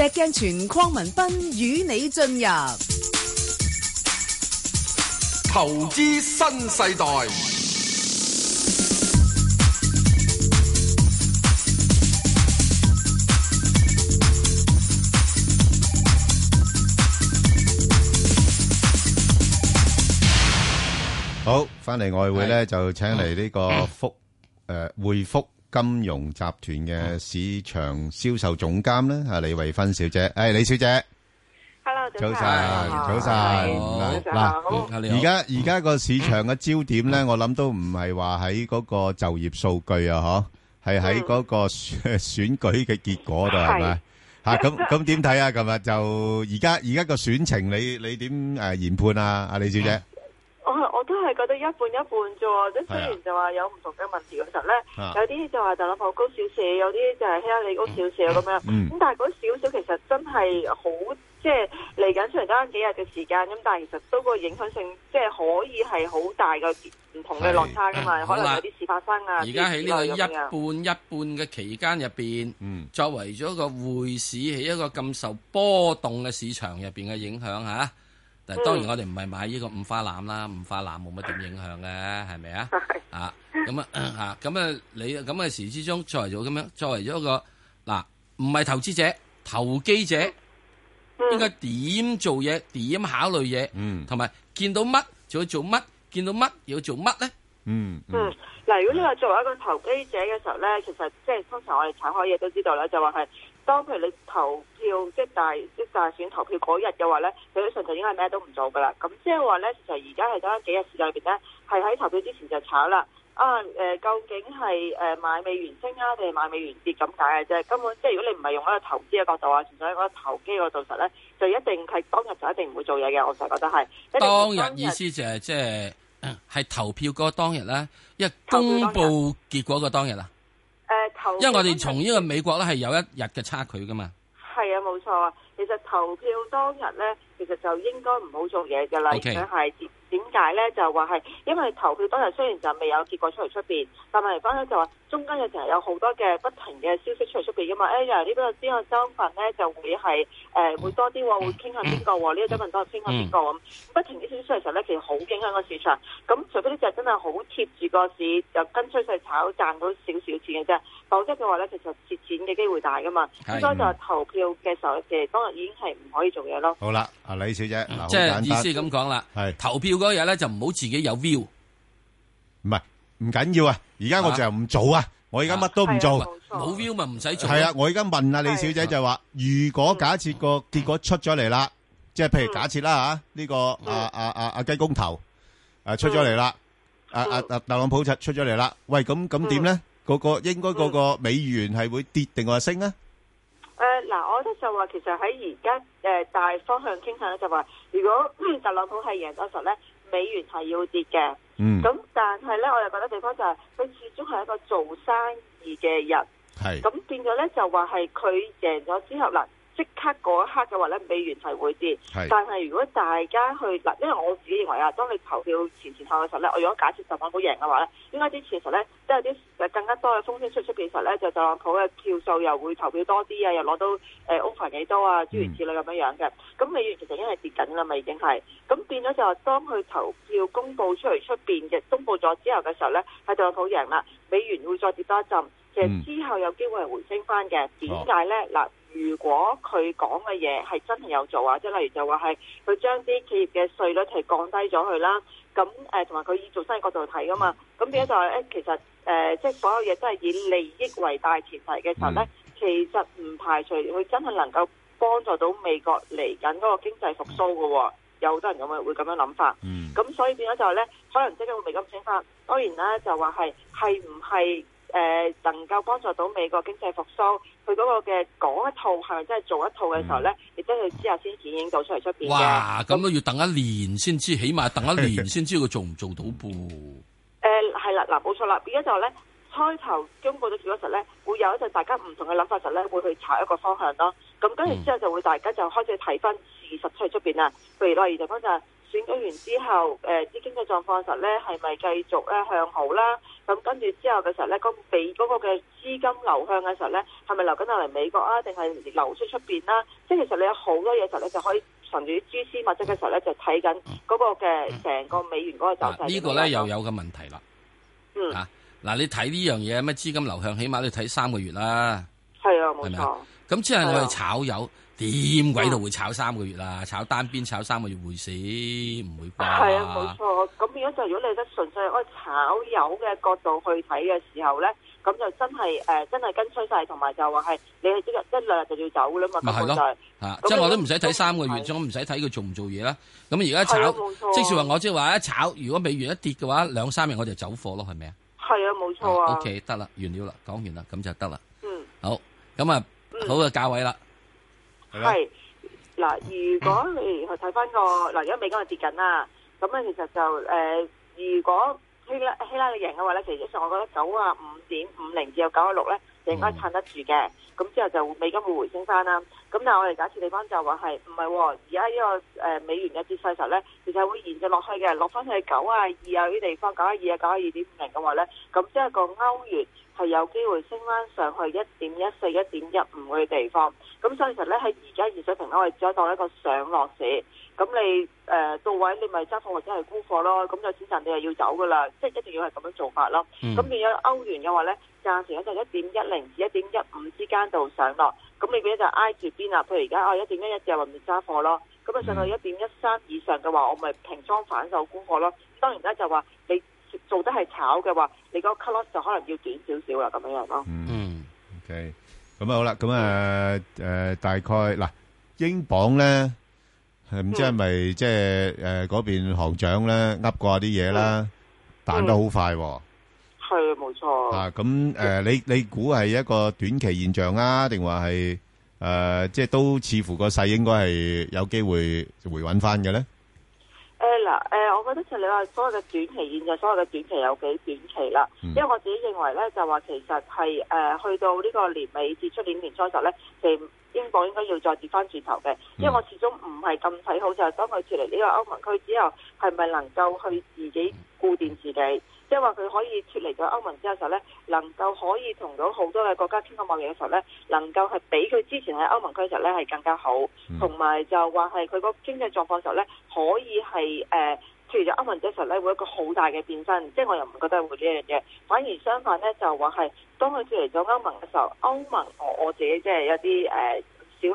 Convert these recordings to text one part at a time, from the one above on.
石鏡泉鄺文斌與你進入投資新世代。好，翻嚟外匯咧，的就請嚟呢個福誒匯、嗯呃、匯福。金融集團嘅市場銷售總監咧，係李慧芬小姐。誒，李小姐，hello，早晨，早晨。嗱，而家而家個市場嘅焦點咧，我諗都唔係話喺嗰個就業數據啊，嗬，係喺嗰個選舉嘅結果度係咪？吓，咁咁點睇啊？今日就而家而家個選情，你你點誒研判啊？阿李小姐。我我都係覺得一半一半啫喎，即雖然就話有唔同嘅問題，其實咧，啊、有啲就話特朗普高少少，有啲就係希拉里高少少咁樣。咁、嗯、但係嗰少少其實真係好，即係嚟緊出嚟得翻幾日嘅時間。咁但係其實都個影響性，即係可以係好大嘅唔同嘅落差㗎嘛。嗯、可能有啲事發生啊。而家喺呢個一半一半嘅期間入面，嗯、作為咗個匯市喺一個咁受波動嘅市場入面嘅影響嗱，當然我哋唔係買呢個五花腩啦，五花腩冇乜點影響嘅，係咪 啊？啊，咁啊，咁啊，啊，你咁嘅時之中，作為咗咁樣，作為咗一個嗱，唔、啊、係投資者，投機者，嗯、應該點做嘢？點考慮嘢、嗯嗯？嗯，同埋見到乜就要做乜，見到乜要做乜咧？嗯嗯。嗱，如果你話作為一個投機者嘅時候咧，嗯、其實即係通常我哋炒開嘢都知道啦，就話係。當譬如你投票即大即大選投票嗰日嘅話咧，理論上應該咩都唔做噶啦。咁即係話咧，其實而家係得幾日時間入邊咧，係喺投票之前就炒啦。啊，誒，究竟係誒買美元升啊，定係買美元跌咁解嘅啫。根本即係如果你唔係用一個投資嘅角度啊，純粹喺一個投機嘅角度實咧，就一定係當日就一定唔會做嘢嘅。我就覺得係。當日，當日意思就係即係係投票嗰當日咧，一公布結果嘅當日啊。因為我哋從呢個美國咧係有一日嘅差距噶嘛，係啊冇錯啊，其實投票當日咧，其實就應該唔好做嘢㗎啦。係點解咧？就話係因為投票當日雖然就未有結果出嚟出邊，但係而家咧就話。中間有成日有好多嘅不停嘅消息出嚟出面噶嘛，哎呀呢邊個州份咧，就會係誒、呃、會多啲，會傾向邊個？呢個州份都係傾向邊個咁？嗯、不停嘅消息出嚟嘅時候咧，其實好影響個市場。咁除非啲人真係好貼住個市，就跟出去炒，賺到少少錢嘅啫。否則嘅話咧，其實蝕錢嘅機會大噶嘛。應該、嗯、就係投票嘅時候，其實當日已經係唔可以做嘢咯。好啦，阿李小姐，嗯、即係是意思咁講啦，係是投票嗰日咧就唔好自己有 view，唔係。唔緊要啊！而家我就唔做啊！我而家乜都唔做，冇 view 咪唔使做。係啊！我而家問下李小姐就話：如果假設個結果出咗嚟啦，即係譬如假設啦吓，呢個啊啊啊啊雞公頭啊出咗嚟啦，啊啊啊特朗普就出咗嚟啦。喂，咁咁點咧？嗰個應該嗰個美元係會跌定話升咧？誒，嗱，我覺得就話其實喺而家誒大方向傾向咧，就話如果特朗普係贏得實咧，美元係要跌嘅。嗯，咁但係咧，我又覺得地方就係佢始終係一個做生意嘅人，係，咁變咗咧就話係佢贏咗之後嗱。即刻嗰一刻嘅話咧，美元係會跌。是但係如果大家去嗱，因為我自己認為啊，當你投票前前後嘅時候咧，我如果假設特朗普贏嘅話咧，應該啲前實咧，即係啲誒更加多嘅風聲出出邊實咧，就特朗普嘅票數又會投票多啲啊，又攞到誒 over 幾多啊，諸如此類咁樣樣嘅。咁、嗯、美元其實已經係跌緊啦嘛，已經係咁變咗就係當佢投票公佈出嚟出面嘅公布咗之後嘅時候咧，係特朗普贏啦，美元會再跌多一陣。其實之後有機會係回升翻嘅。點解咧嗱？如果佢講嘅嘢係真係有做啊，即係例如就話係佢將啲企業嘅稅率係降低咗佢啦，咁誒同埋佢以做生意角度睇噶嘛，咁變咗就係、是欸、其實誒即係所有嘢都係以利益為大前提嘅時候咧，嗯、其實唔排除會真係能夠幫助到美國嚟緊嗰個經濟復甦嘅，有好多人咁樣會咁樣諗法。咁、嗯、所以變咗就係咧，可能即刻會未咁清返。當然啦，就話係係唔係？是誒、呃，能夠幫助到美國經濟復甦，佢嗰個嘅講一套係咪真係做一套嘅時候咧，亦都係之後先展映到出嚟出邊嘅。哇，咁都要等一年先知，嗯、起碼等一年先知佢做唔做到噃。誒、嗯，係、嗯呃啊、啦，嗱，冇錯啦，而家就咧開頭經過咗幾多時咧，會有一陣大家唔同嘅諗法時咧，會去查一個方向咯。咁跟住之後就會大家就開始睇翻事實出嚟出邊啦。譬如例如就剛、是、才。選舉完之後，誒，資金嘅狀況實咧係咪繼續咧向好啦？咁跟住之後嘅時候咧，嗰個俾嗰個嘅資金流向嘅時候咧，係咪流緊入嚟美國啊？定係流出出邊啦？即係其實你有好多嘢時候咧，就可以循住啲蛛絲馬跡嘅時候咧，就睇緊嗰個嘅成個美元嗰、嗯啊這個走勢。呢個咧又有個問題啦。嗯。吓嗱、啊，你睇呢樣嘢咩？資金流向起碼你睇三個月啦。係啊的，冇錯吧。咁即係我哋炒油。點鬼都會炒三個月啦？炒單邊炒三個月會死唔會？係啊，冇錯。咁如果就如果你得純粹我炒油嘅角度去睇嘅時候咧，咁就真係誒、呃，真係跟趨勢，同埋就話係你係即日一兩日就要走啦嘛。咪係咯，即係的、啊、我都唔使睇三個月，咁唔使睇佢做唔做嘢啦。咁而家炒，係啊、即是話我即係話一炒，如果美元一跌嘅話，兩三日我就走貨咯，係咪啊？係啊，冇錯、啊。O K，得啦，完料啦，講完啦，咁就得啦。嗯。好，咁啊，嗯、好嘅價位啦。係嗱，如果你去睇翻個嗱，如果美金係跌緊啦，咁咧其實就誒、呃，如果希拉希拉嘅贏嘅話咧，其實上我覺得九啊五點五零至到九啊六咧，應該撐得住嘅，咁、嗯、之後就美金會回升翻啦。咁但係我哋假設地方就話係唔係，而家呢個誒美元嘅跌勢咧，其實會延續落去嘅，落翻去九啊二啊啲地方，九啊二啊九啊二點五零嘅話咧，咁即係個歐元。係有機會升翻上去一點一四、一點一五嘅地方，咁所以其實咧喺而家現水平咧，我只可以當一個上落市。咁你誒、呃、到位，你咪揸貨或者係沽貨咯。咁有錢賺，你又要走噶啦，即、就、係、是、一定要係咁樣做法咯。咁變咗歐元嘅話咧，暫時喺就一點一零至一點一五之間度上落。咁你邊咧就挨住邊啊？譬如而家哦一點一一就話咪揸貨咯。咁啊上到一點一三以上嘅話，我咪平倉反手沽貨咯。當然咧就話你。做得係炒嘅話，你嗰個 cut loss 就可能要短少少啦，咁樣樣咯。嗯，OK，咁啊好啦，咁啊誒大概嗱，英鎊咧，唔知係咪即係誒嗰邊行長咧噏過啲嘢啦，彈得好快。係啊，冇錯。啊，咁誒，你你估係一個短期現象啊，定話係誒，即係都似乎個勢應該係有機會回穩翻嘅咧。誒嗱誒。我覺得就你話所謂嘅短期現在，所謂嘅短期有幾短期啦。因為我自己認為呢，就話其實係誒、呃、去到呢個年尾至出年年初時候呢，其實英國應該要再跌翻轉頭嘅。因為我始終唔係咁睇好，就係、是、當佢脫離呢個歐盟區之後，係咪能夠去自己固定自己？即係話佢可以脫離咗歐盟之後嘅時候呢，能夠可以同到好多嘅國家傾向貿易嘅時候呢，能夠係比佢之前喺歐盟區嘅時候呢係更加好。同埋就話係佢個經濟狀況嘅時候呢，可以係誒。呃脱離咗歐盟嘅時候咧，會有一個好大嘅變身，即係我又唔覺得會呢樣嘢，反而相反咧，就話係當佢脱離咗歐盟嘅時候，歐盟我我自己即係有啲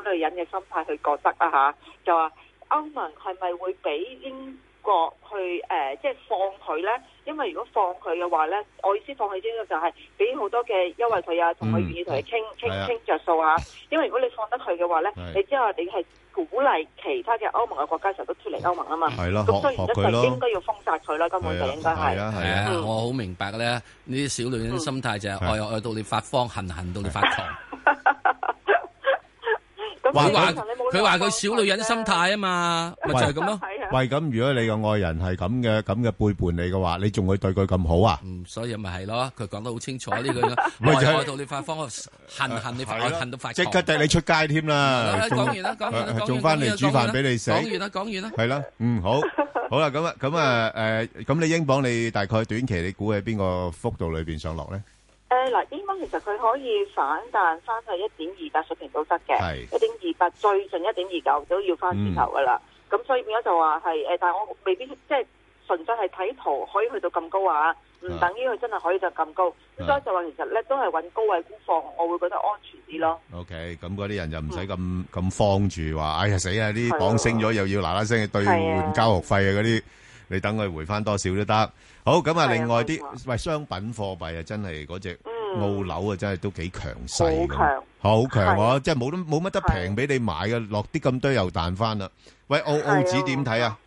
誒小女人嘅心態去覺得啦。嚇，就話歐盟係咪會俾英國去誒即係放佢咧？因為如果放佢嘅話咧，我意思放佢即係就係俾好多嘅優惠佢啊，同佢願意同佢傾傾傾著數啊。因為如果你放得佢嘅話咧，的你之後你係。鼓勵其他嘅歐盟嘅國家成日都脱離歐盟啊嘛，係咯的，咁所以而家就應該要封殺佢啦，根本就應該係。係啊，我好明白咧，呢啲小女人心態就係愛愛到你發慌，恨恨到你發狂。是的 佢話佢話佢小女人心態啊嘛，咪就係咁咯。喂，咁，如果你個愛人係咁嘅咁嘅背叛你嘅話，你仲會對佢咁好啊？嗯，所以咪係咯，佢講得好清楚呢個。咪就係到你發慌，恨唔恨你發惡，恨到發即刻掟你出街添啦。講完啦，講完啦，仲翻嚟煮飯俾你食。講完啦，講完啦，係啦，嗯，好，好啦，咁啊，咁啊，誒，咁你英鎊你大概短期你估喺邊個幅度裏邊上落咧？嗱，英鎊其實佢可以反彈翻去一點二八水平都得嘅，一點二八最近一點二九都要翻轉頭噶啦。咁所以變咗就話係誒，但係我未必即係純粹係睇圖可以去到咁高啊，唔等於佢真係可以就咁高。咁所以就話其實咧都係揾高位沽貨，我會覺得安全啲咯。OK，咁嗰啲人就唔使咁咁慌住話，哎呀死啊！啲磅升咗又要嗱嗱聲去兌換交學費啊嗰啲，你等佢回翻多少都得。好咁啊！另外啲喂，商品貨幣啊，真係嗰隻澳樓啊，真係都幾強勢嘅，好強喎！即係冇都冇乜得平俾你買嘅，落啲咁多又彈翻啦。喂，澳澳紙點睇啊？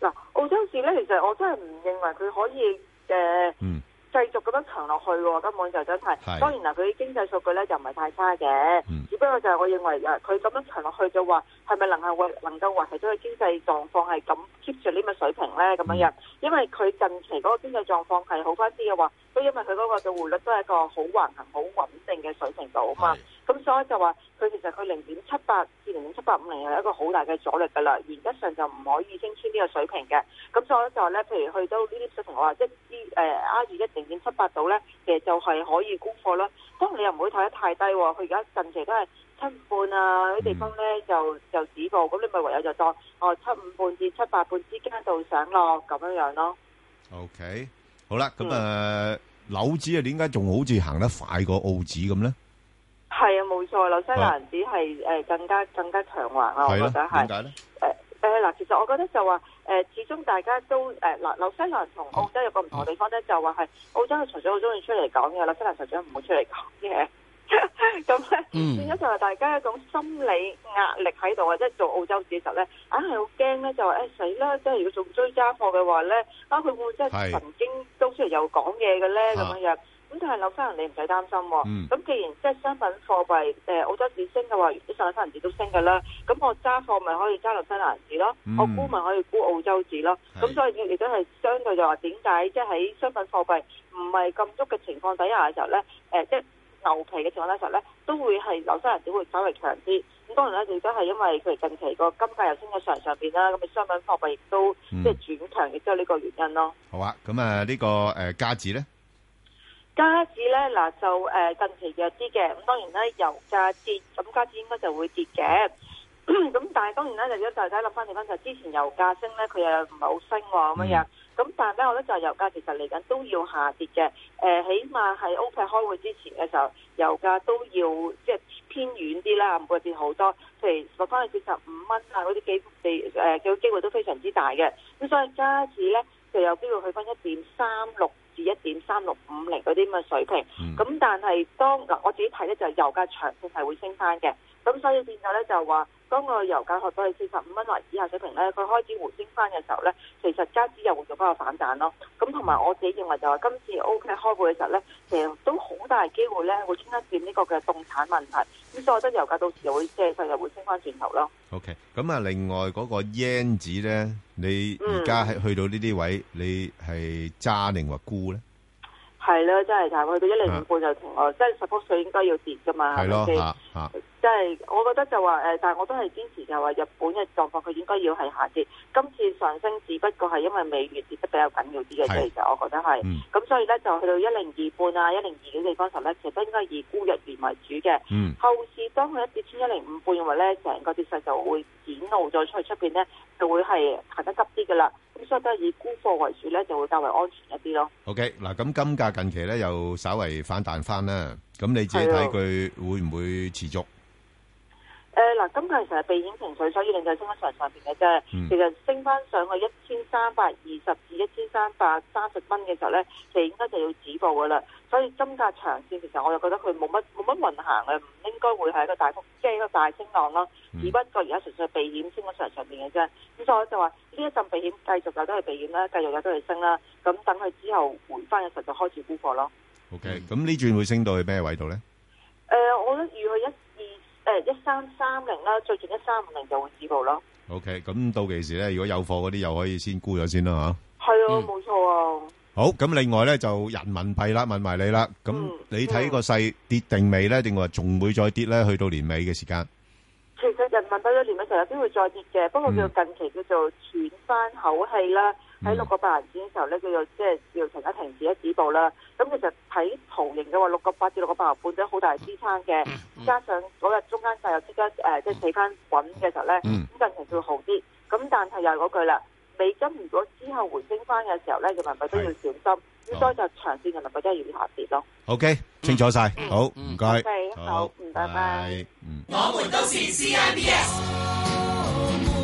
嗱，澳洲市咧，其實我真係唔認為佢可以誒。繼續咁樣強落去喎、哦，根本就真係。的當然啦，佢經濟數據咧就唔係太差嘅，嗯、只不過就係我認為誒，佢咁樣強落去就話係咪能係能夠維持到佢經濟狀況係咁 keep 住呢個水平咧？咁樣樣，因為佢近期嗰個經濟狀況係好翻啲嘅話，都因為佢嗰個就匯率都係一個好橫行、好穩定嘅水平度啊嘛。咁的所以就話佢其實佢零點七八至零點七八五零係一個好大嘅阻力噶啦，原則上就唔可以升穿呢個水平嘅。咁所以就話咧，譬如去到呢啲水平，我話一啲誒 R2 一定。點七八度咧，其實就係可以沽貨啦。當然你又唔會睇得太低喎，佢而家近期都係七五半啊，啲地方咧就就止步。咁你咪唯有就當哦七五半至七八半之間度上落咁樣樣咯。O、okay, K，好啦，咁、嗯、啊，紐指啊，點解仲好似行得快過澳指咁咧？係啊，冇錯，紐西蘭指係誒更加、啊、更加強橫啊，啊我覺得係。點解咧？誒誒嗱，其實我覺得就話。誒、呃，始終大家都誒，嗱、呃，紐西蘭同澳洲有個唔同嘅地方咧，oh. Oh. 就話係澳洲嘅財長好中意出嚟講嘅，紐西蘭財長唔會出嚟講嘅嘢。咁 咧呢、mm. 變咗就係大家一種心理壓力喺度，即、就、係、是、做澳洲事實呢，咧、啊，硬係好驚咧，就話誒死啦，即、欸、係如果做追加貨嘅話咧，啊佢會即係曾經都出嚟有講嘢嘅咧，咁樣樣。咁但係紐西蘭你唔使擔心、啊，咁、嗯、既然即係商品貨幣，誒澳洲紙升嘅話，啲紐西蘭紙都升㗎啦。咁我揸貨咪可以揸紐西蘭紙咯，嗯、我沽咪可以沽澳洲紙咯。咁是、嗯、所以亦都係相對就話點解即係喺商品貨幣唔係咁足嘅情況底下嘅時候咧，誒即係牛皮嘅情況底下咧，都會係紐西蘭紙會稍微強啲。咁當然咧，佢都係因為佢近期個金價又升咗上上邊啦，咁嘅商品貨幣亦都即係轉強嘅，都係呢個原因咯。好啊，咁啊、這個呃、呢個誒加紙咧。加紙咧嗱就誒近期弱啲嘅，咁當然咧油價跌，咁加紙應該就會跌嘅。咁但係當然呢，就一齊睇諗翻嚟翻就是、之前油價升咧，佢又唔係好升喎咁樣。咁麼但係咧，我覺得就係油價其實嚟緊都要下跌嘅。誒，起碼係 OPEC 開會之前嘅時候，油價都要即係、就是、偏遠啲啦，唔會跌好多。譬如落翻去跌十五蚊啊，嗰啲幾誒機會都非常之大嘅。咁所以加紙咧就有機會去翻一點三六。至一點三六五零嗰啲咁嘅水平，咁、嗯、但係當嗱我自己睇咧，就係油價長線係會升翻嘅。咁所以變咗咧，就話當個油價學到去四十五蚊為以下水平咧，佢開始回升翻嘅時候咧，其實加紙又會做翻個反彈咯。咁同埋我自己認為就話，今次 OPEC 開會嘅時候咧，其實都好大機會咧會傾得掂呢個嘅凍產問題。咁所以我覺得油價到時會即係佢又會升翻轉頭咯。O K，咁啊，另外嗰個日紙咧，你而家係去到呢啲位，你係揸定或沽咧？係咯，真係就係去到一零五半就停啊，即係十幅水應該要跌噶嘛。係咯，即係、就是，我覺得就話誒，但係我都係堅持就話日本嘅狀況，佢應該要係下跌。今次上升只不過係因為美元跌得比較緊要啲嘅，是其實我覺得係。咁、嗯、所以咧，就去到一零二半啊，一零二嘅地方時候咧，其實應該以沽日元為主嘅。嗯、後市當佢一跌穿一零五半嘅話咧，成個跌勢就會展露咗出去出邊咧，就會係行得急啲噶啦。咁所以都係以沽貨為主咧，就會較為安全一啲咯。OK，嗱，咁金價近期咧又稍為反彈翻啦。咁你自己睇佢會唔會持續？誒，嗱、嗯，金價其實係避險情緒，所以令到升咗上上邊嘅啫。其實升翻上去一千三百二十至一千三百三十蚊嘅時候咧，就應該就要止步噶啦。所以金價長線其實我又覺得佢冇乜冇乜運行嘅，唔應該會係一個大幅即係一個大升浪咯。只不過而家純粹避險升咗上上邊嘅啫。咁所以我就話呢一陣避險繼續有得去避險啦，繼續有得去升啦。咁等佢之後回翻嘅時候就開始沽貨咯。OK，咁呢轉會升到去咩位度咧？誒、呃，我諗如果一誒，一三三零啦，最近一三五零就會止步咯。OK，咁到期時咧，如果有貨嗰啲，又可以先沽咗先啦吓。係啊，冇錯啊。好，咁另外咧就人民幣啦，問埋你啦。咁你睇個勢跌定未咧，定話仲會再跌咧？去到年尾嘅時間。其實人民幣一年嘅時候有機會再跌嘅，不過佢近期叫做喘翻口氣啦，喺六個八毫錢嘅時候咧，叫做即係要停一停止一止步啦。咁其實睇圖形嘅話，六個八至六個八毫半都好大支撐嘅，加上嗰日中間價有即刻誒即係起翻滾嘅時候咧，咁近期就會好啲。咁但係又係嗰句啦。美金如果之後回升翻嘅時候咧，人民幣都要小心，應該就長線人民幣都要下跌咯。OK，清楚晒，好，唔該，好，拜拜。我們都是 C I B S。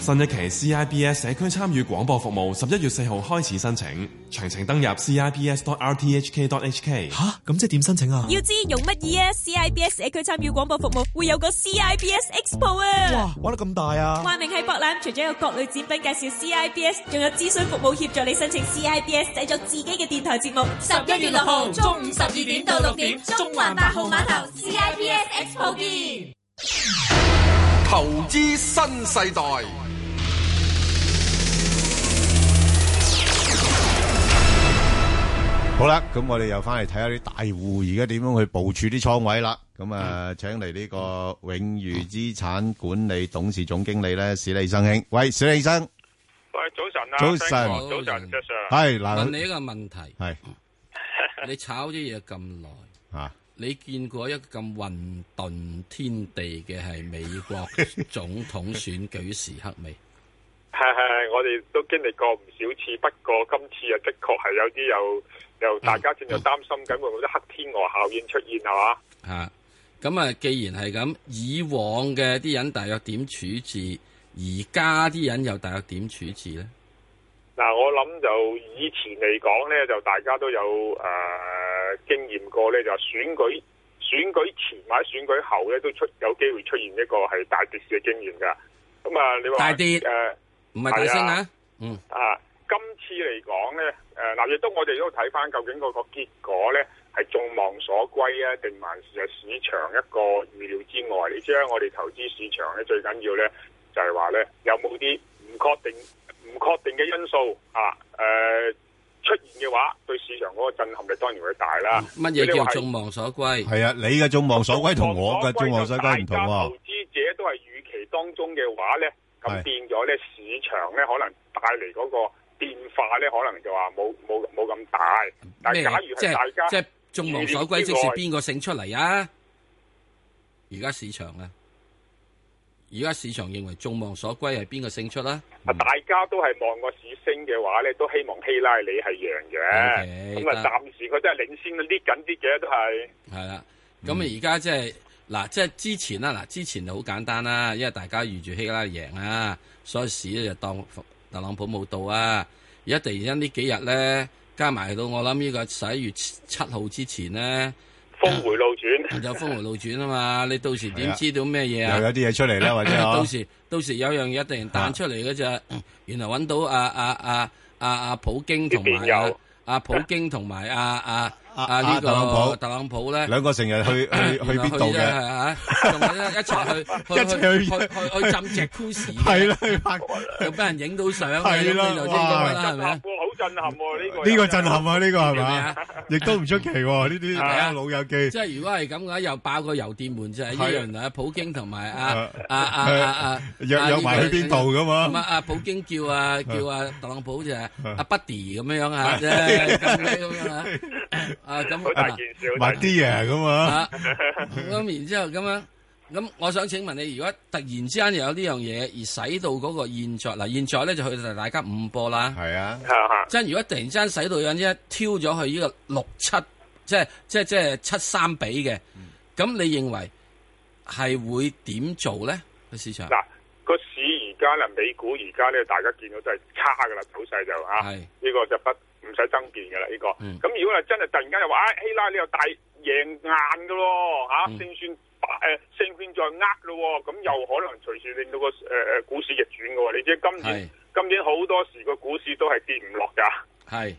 新一期 CIBS 社區參與廣播服務十一月四號開始申請，詳情登入 CIBS.RTHK.HK。吓，咁即係點申請啊？要知用乜嘢啊？CIBS 社區參與廣播服務會有個 CIBS Expo 啊！哇，玩得咁大啊！話明係博覽，除咗有各類展品介紹，CIBS 仲有諮詢服務協助你申請 CIBS，製作自己嘅電台節目。十一月六號中午十二點到六點，中環八號碼頭，頭 CIBS Expo 見。投資新世代。好啦，咁我哋又翻嚟睇下啲大戶而家點樣去部署啲倉位啦。咁啊，請嚟呢個永裕資產管理董事總經理咧，史理生兄。喂，史理生。喂，早晨啊，早晨，早晨，早晨。係嗱，問你一個問題。係。你炒咗嘢咁耐，吓？你見過一咁混沌天地嘅係美國總統選舉時刻未？係。我哋都經歷過唔少次，不過今次啊，的確係有啲又又大家正在擔心緊，會唔會啲黑天鵝效應出現係嘛？嚇、嗯！咁、嗯、吧啊，既然係咁，以往嘅啲人大約點處置，而家啲人又大約點處置咧？嗱、啊，我諗就以前嚟講咧，就大家都有誒、呃、經驗過咧，就選舉選舉前或者選舉後咧，都出有機會出現一個係大跌市嘅經驗㗎。咁啊，你話大啲。誒？唔係頭先啊，啊嗯啊，今次嚟講咧，誒、啊、嗱，亦都我哋都睇翻究竟個結果咧係眾望所歸啊，定還是市場一個預料之外？你知啦，我哋投資市場咧最緊要咧就係話咧有冇啲唔確定、唔確定嘅因素啊？誒、呃，出現嘅話，對市場嗰個震撼力當然會大啦。乜嘢叫做眾望所歸？係啊，你嘅眾望所歸同我嘅眾望所歸唔同啊。投資者都係預期當中嘅話咧。咁變咗咧，市場咧可能帶嚟嗰個變化咧，可能就話冇冇冇咁大。但係假如係大家即係眾望所歸，即是邊個勝出嚟啊？而家市場呢、啊，而家市場認為眾望所歸係邊個勝出啦？啊，大家都係望個市升嘅話咧，都希望希拉里係贏嘅。咁啊，暫時佢真係領先，呢緊啲嘅都係。係啦，咁啊、就是，而家即係。嗱，即係之前啦，嗱，之前就好簡單啦，因為大家預住希拉，拉贏啊，所以市咧就當特朗普冇到啊。而家突然間呢幾日咧，加埋到我諗呢個十一月七號之前咧，峰回路轉，就峰回路轉啊嘛！你到時點知道咩嘢啊？又有啲嘢出嚟咧，或者 到時到時有樣嘢突然彈出嚟嗰隻，原來揾到啊啊啊啊阿、啊、普京同埋阿普京同埋啊啊，啊啊！呢個特朗普咧，兩個成日去去去邊度嘅？嚇，仲一齊去，一齊去去去浸隻 jacuzzi。係啦，又俾人影到相。係啦，哇！好震撼喎，呢個呢個震撼啊，呢個係嘛？亦都唔出奇喎，呢啲大家老友記。即係如果係咁嘅話，又爆個郵電門就係呢樣啊！普京同埋啊啊啊啊啊約埋去邊度咁啊？啊！普京叫啊叫啊特朗普就係啊 Buddy 咁樣樣嚇，即係咁樣樣啊咁啊，Matey 咁啊。咁然之後咁樣。咁我想請問你，如果突然之間又有呢樣嘢，而使到嗰個現在嗱，現在咧就去到大家五波啦。係啊，即係、啊、如果突然之間使到樣啲一挑咗去呢個六七、就是，即係即係即係七三比嘅，咁、嗯、你認為係會點做咧個市場？嗱個市而家啦，美股而家咧，大家見到都係差噶啦，走勢就啊，係呢是個就不唔使爭辯噶啦呢個。咁、嗯、如果係真係突然間又話啊希拉莉又大贏硬噶咯嚇，勝、啊、算？嗯把誒，啊、誒勝券在握咯，咁又可能隨時令到個誒、呃、股市逆轉嘅喎、哦。你知今年是今年好多時個股市都係跌唔落㗎，是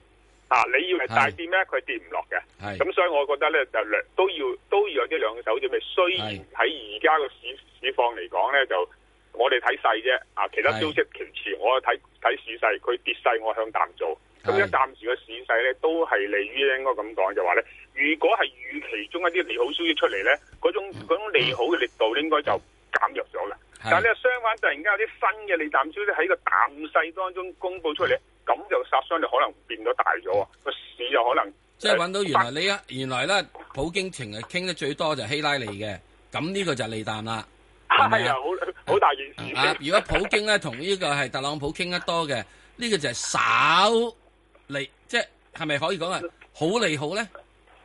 啊，你要係大跌咩？佢是跌唔落嘅，係咁是，所以我覺得咧就都要都要有啲兩手咪雖然喺而家個市市況嚟講咧，就我哋睇細啫啊，其他消息其次，我睇睇市勢，佢跌勢我向淡做。咁而暫暫時嘅市勢咧，都係利於應該咁講，就話咧，如果係預期中一啲利好消息出嚟咧，嗰種嗰種利好嘅力度應該就減弱咗啦。是但係咧相反，突然間有啲新嘅利淡消息喺個淡勢當中公布出嚟，咁就殺傷力可能變咗大咗個個市就可能即係揾到原來呢一原來咧，普京情係傾得最多就係希拉里嘅。咁呢個就係利淡啦。係啊、哎呀，好好大件事？啊嗯啊、如果普京咧同呢個係特朗普傾得多嘅，呢、呢個就係少。即係咪可以講啊？好利好咧？誒、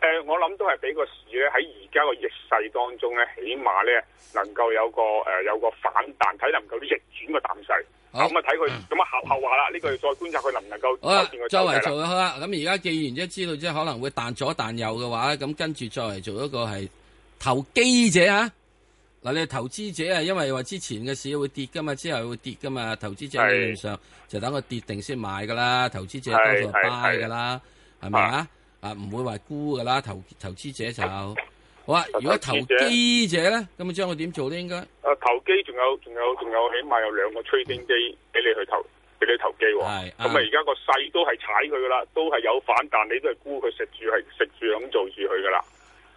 呃，我諗都係俾個市咧喺而家個逆勢當中咧，起碼咧能夠有個誒、呃、有個反彈，睇能夠啲逆轉個淡勢。咁啊、嗯，睇佢咁啊後後話啦，呢、這個要再觀察佢能唔能夠出現好啦，周圍做啦。咁而家既然即係知道即係可能會彈左彈右嘅話咧，咁跟住再嚟做一個係投機者啊！嗱，你係投資者啊，因為話之前嘅市會跌噶嘛，之後會跌噶嘛，投資者理論上就等佢跌定先買噶啦，投資者多數係 buy 噶啦，係咪啊？啊，唔會話沽噶啦，投投資者就好啦，啊。資如果投機者咧，咁啊將佢點做咧？應該投機仲有仲有仲有，有有起碼有兩個 trading day 俾你去投，俾你投機。係咁啊！而家個勢都係踩佢噶啦，都係有反彈，你都係沽佢食住，係食住咁做住佢噶啦。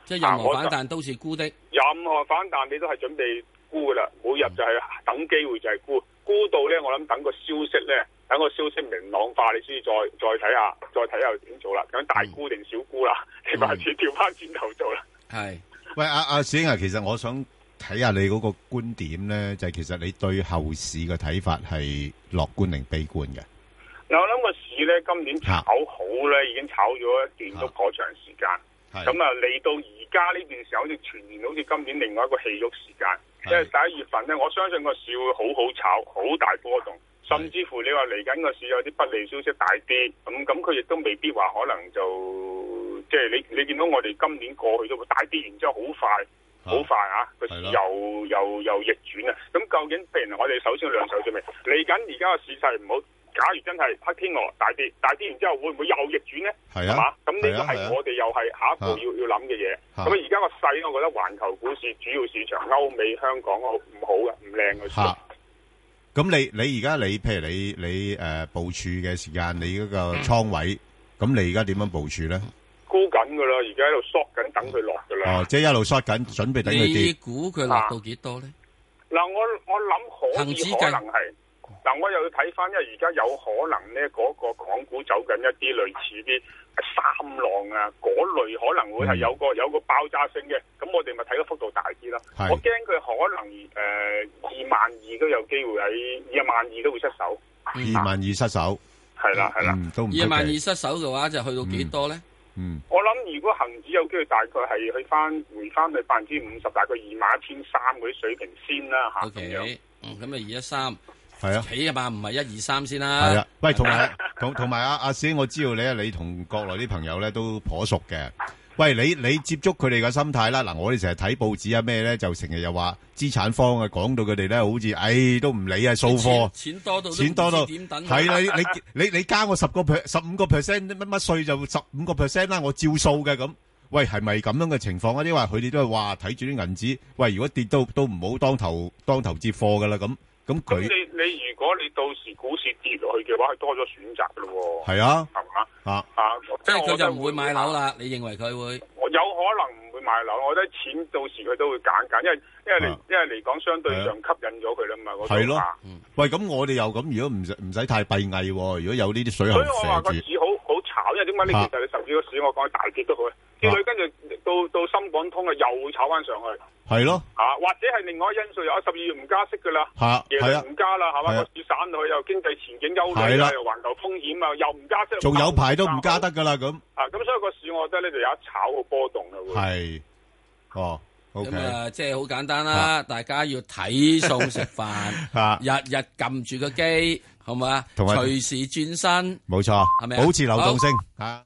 即任何反彈都是沽的，任何反彈你都係準備沽噶啦，每日就係、是、等機會就係沽沽到咧，我諗等個消息咧，等個消息明朗化，你先至再再睇下，再睇下點做啦？咁大沽定小沽啦？嗯、你咪轉掉翻轉頭做啦。係是喂，阿阿小雅，其實我想睇下你嗰個觀點咧，就係、是、其實你對後市嘅睇法係樂觀定悲觀嘅？我諗個市咧今年炒好咧，已經炒咗一段都嗰長時間，咁啊你到家呢件事好似全年好似今年另外一個戲肉時間，即係十一月份呢。我相信個市會好好炒，好大波動，甚至乎你話嚟緊個市有啲不利消息大跌，咁咁佢亦都未必話可能就即係你你見到我哋今年過去都會大跌，然之後好快好快啊個市又的又又，又逆轉啊！咁究竟譬如我哋首先兩手準備嚟緊，而家個市勢唔好。假如真係黑天鵝大跌，大跌然之後會唔會又逆轉咧？係啊，咁呢個係我哋又係下一步要、啊、要諗嘅嘢。咁而家個勢，我覺得環球股市主要市場歐美香港好唔好嘅，唔靚嘅。吓、啊，咁你你而家你譬如你你誒、呃、部署嘅時間，你嗰個倉位，咁、嗯、你而家點樣部署咧？沽緊噶啦，而家喺度縮緊，等佢落噶啦。哦，即係一路縮緊，準備等佢跌。你估佢落到幾多咧？嗱、啊啊，我我諗可以可能係。嗱，我又要睇翻，因為而家有可能咧，嗰個港股走緊一啲類似啲三浪啊，嗰類可能會係有個有個爆炸性嘅，咁、嗯、我哋咪睇個幅度大啲啦是我驚佢可能誒二萬二都有機會喺二萬二都會失手，二萬二失手，係啦係啦，二萬二失手嘅話就去到幾多咧？嗯，我諗如果恒指有機會，大概係去翻回翻去百分之五十，大概二萬一千三嗰啲水平先啦吓咁樣。咁啊二一三。係啊，起啊嘛，唔係一二三先啦。係啊，喂，同埋同同埋阿阿 Sir，我知道你啊，你同國內啲朋友咧都頗熟嘅。喂，你你接觸佢哋嘅心態啦。嗱，我哋成日睇報紙啊咩咧，就成日又話資產方啊，講到佢哋咧，好似唉都唔理啊，掃貨，錢多到，錢多到，點等係啦？你你你加我十個 percent、十五個 percent 乜乜稅就十五個 percent 啦，我照掃嘅咁。喂，係咪咁樣嘅情況啊？因為佢哋都係話睇住啲銀紙。喂，如果跌到都唔好當頭當頭接貨噶啦咁。咁佢，你你如果你到時股市跌落去嘅話，係多咗選擇咯喎。係啊，係嘛啊啊，即係佢就唔會買樓啦。你認為佢會？有可能唔會買樓，我覺得錢到時佢都會揀揀，因為因為你因為嚟講相對上吸引咗佢啦嘛。我係咯，喂，咁我哋又咁，如果唔唔使太閉翳喎，如果有呢啲水喉。所以我話個市好好炒，因為點解咧？其實你受住個市，我講大結都好啊，叫佢跟住。到到深港通啊，又會炒翻上去。係咯，吓或者係另外一因素，有喺十二月唔加息噶啦，係啊，唔加啦，係嘛個市散落又經濟前景憂慮，環球風險啊，又唔加息，仲有排都唔加得噶啦咁。啊，咁所以個市我覺得咧就有一炒嘅波動嘅會。係，哦，咁啊，即係好簡單啦，大家要睇餸食飯，日日撳住個機，同埋隨時轉身，冇錯，係咪保持流動性啊？